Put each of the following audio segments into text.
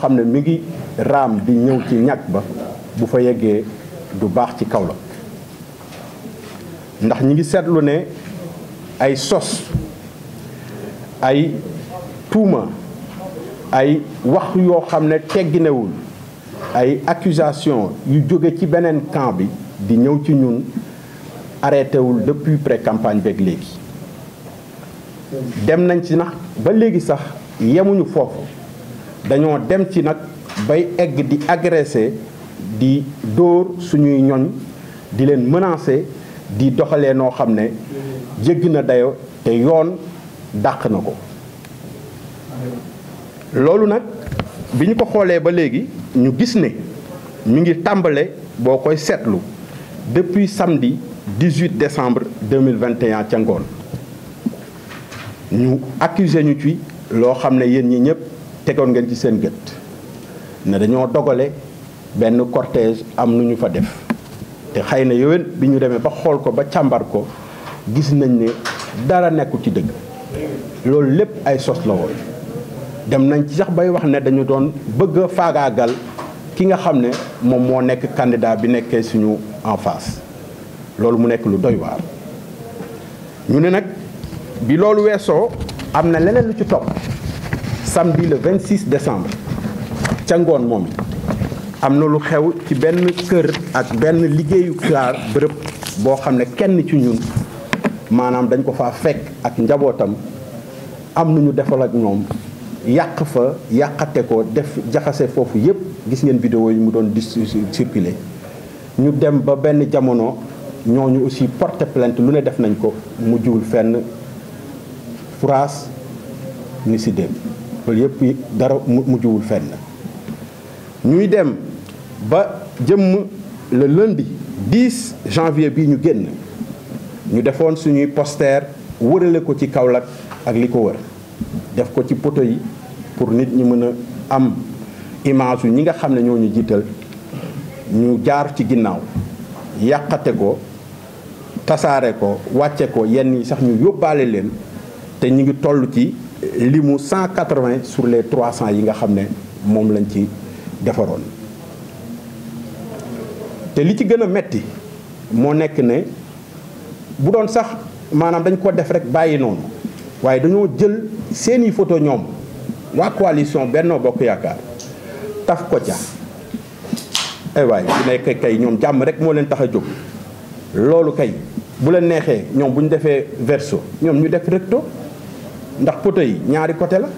xam ne mi ngi raam di ñëw ci ñàkk ba bu fa yeggee du baax ci kaw la ndax ñi ngi seetlu ne ay sos ay tuuma ay wax yoo xam ne tegginewul ay accusation yu jóge ci beneen camp bi di ñëw ci ñun arrêté wul depuis pré-campagne beeg léegi dem nañ ci nax ba léegi sax yemuñu foofu dañoo dem ci nag bay egg di agressé di dóor suñuy ñoñ di leen menacer di doxalee noo xam ne jéggi na dayo te yoon dàq na ko loolu nag bi ñu ko xoolee ba léegi ñu gis ne mi ngi tàmbale boo koy seetlu depuis samedi 18 décembre 2021 ca ngoon ñu accusé ñu ci loo xam ne yéen ñi ñëpp tegoon ngeen ci seen gët ne dañoo dogale benn cortége am nu ñu fa def te xëy na yowén bi ñu demee ba xool ko ba càmbar ko gis nañ ne dara nekkul ci dëgg loolu lépp ay sos la woon dem nañ ci sax bay wax ne dañu doon bëgg a faagaagal ki nga xam ne moom moo nekk kandidaa bi nekkee suñu en face loolu mu nekk lu doy waar ñu ne nag bi loolu weesoo am na leneen lu ci topp samedi vingt 26 décembre ca ngoon moom am na lu xew ci benn kër ak benn liggéeyu kaar bërëb boo xam ne kenn ci ñun maanaam dañ ko fa fekk ak njabootam am nu ñu defal ak ñoom yàq fa yàqate ko def jaxase foofu yépp gis ngeen vidéo yi mu doon di circuler ñu dem ba benn jamono ñooñu aussi porter plainte lu ne def nañ ko mu jiwul fenn furaas ni si dem loolu yëpp dara mujjuwul fenn ñuy dem ba jëmm le lundi 10 janvier bi ñu génn ñu defoon suñuy poster wërale ko ci Kaolack ak li ko wër def ko ci poto yi pour nit ñi mën a am image yu ñi nga xam ne ñoo ñu jiital ñu jaar ci ginnaaw yàqate ko tasaare ko wàcce ko yenn yi sax ñu yóbbaale leen te ñu ngi toll ci li mu cent 180 sur les 300 yi nga xam ne moom lañ ci defaroon te li ci gën a metti moo nekk ne bu doon sax maanaam dañ ko def rek bàyyi noonu waaye dañoo jël seeni photo ñoom waa coalition Benno Bokk Yaakaar taf ko ca ay eh waay bu nekk kay ñoom jàmm rek moo leen tax a jóg loolu kay bu la neexee ñoom bu ñu defee verso ñoom ñu def recto ndax poto ñaari côté la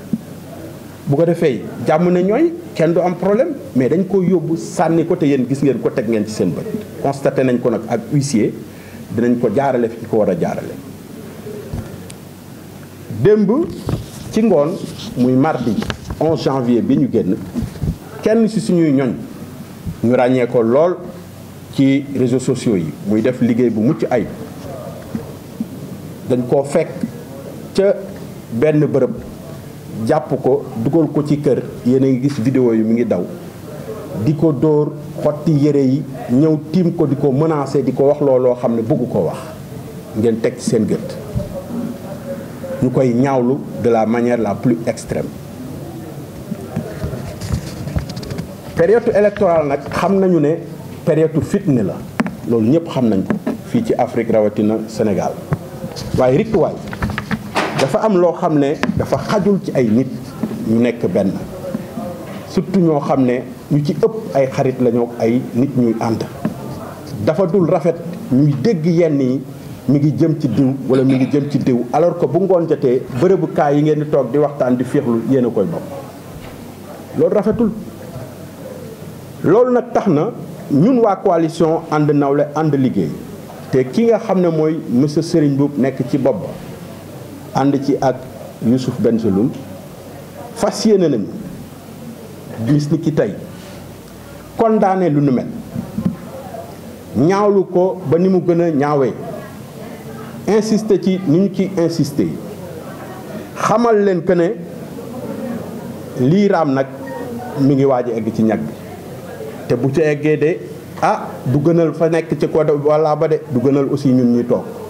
bu ko defee jàmm ne ñooy kenn du am problème mais dañ ko yóbbu sànni côté yéen gis ngeen ko teg ngeen ci seen bët constaté nañ ko nag ak huissier dinañ ko jaarale fi ko war a jaarale démb ci ngoon muy mardi 11 janvier bi ñu génn kenn ci suñuy ñoñ ñu ràññee ko lool ci réseau sociaux yi muy def liggéey bu mucc ay dañ ko fekk ca benn bërëb jàpp ko dugal ko ci kër yéen a ngi gis vidéo yi mi ngi daw di ko dóor xotti yére yi ñëw tiim ko di ko menacer di ko wax looloo xam ne bugg ko wax ngeen teg ci seen gët ñu koy ñaawlu de la manière la plus extrême période électorale nag xam nañu ne période fitne la loolu ñëpp xam nañ ko fii ci Afrique rawatina Sénégal waaye rikkuwaay dafa am loo xam ne dafa xajul ci ay nit ñu nekk benn surtout ñoo xam ne ñu ci ëpp ay xarit lañoo ay nit ñuy ànd dafa dul rafet ñuy dégg yenn yi mu ngi jëm ci diw wala mi ngi jëm ci diw alors que bu ngoon jotee bërëbukaay yi ngeen di toog di waxtaan di féexlu yéen a koy bokk loolu rafetul loolu nag tax na ñun waa coalition ànd nawle ànd liggéey te ki nga xam ne mooy monsieur Serigne Mboup nekk ci bopp ànd ci ak Youssouf Bengeloun fas yéene nañu bis ni ki tey condamné lu nu mel ñaawlu ko ba ni mu gën a ñaawee insister ci ni ñu ci insister xamal leen que ne lii raam nag mi ngi waaj a egg ci ñag bi te bu ci eggee de ah du gënal fa nekk ci ko walla ba de du gënal aussi ñun ñuy toog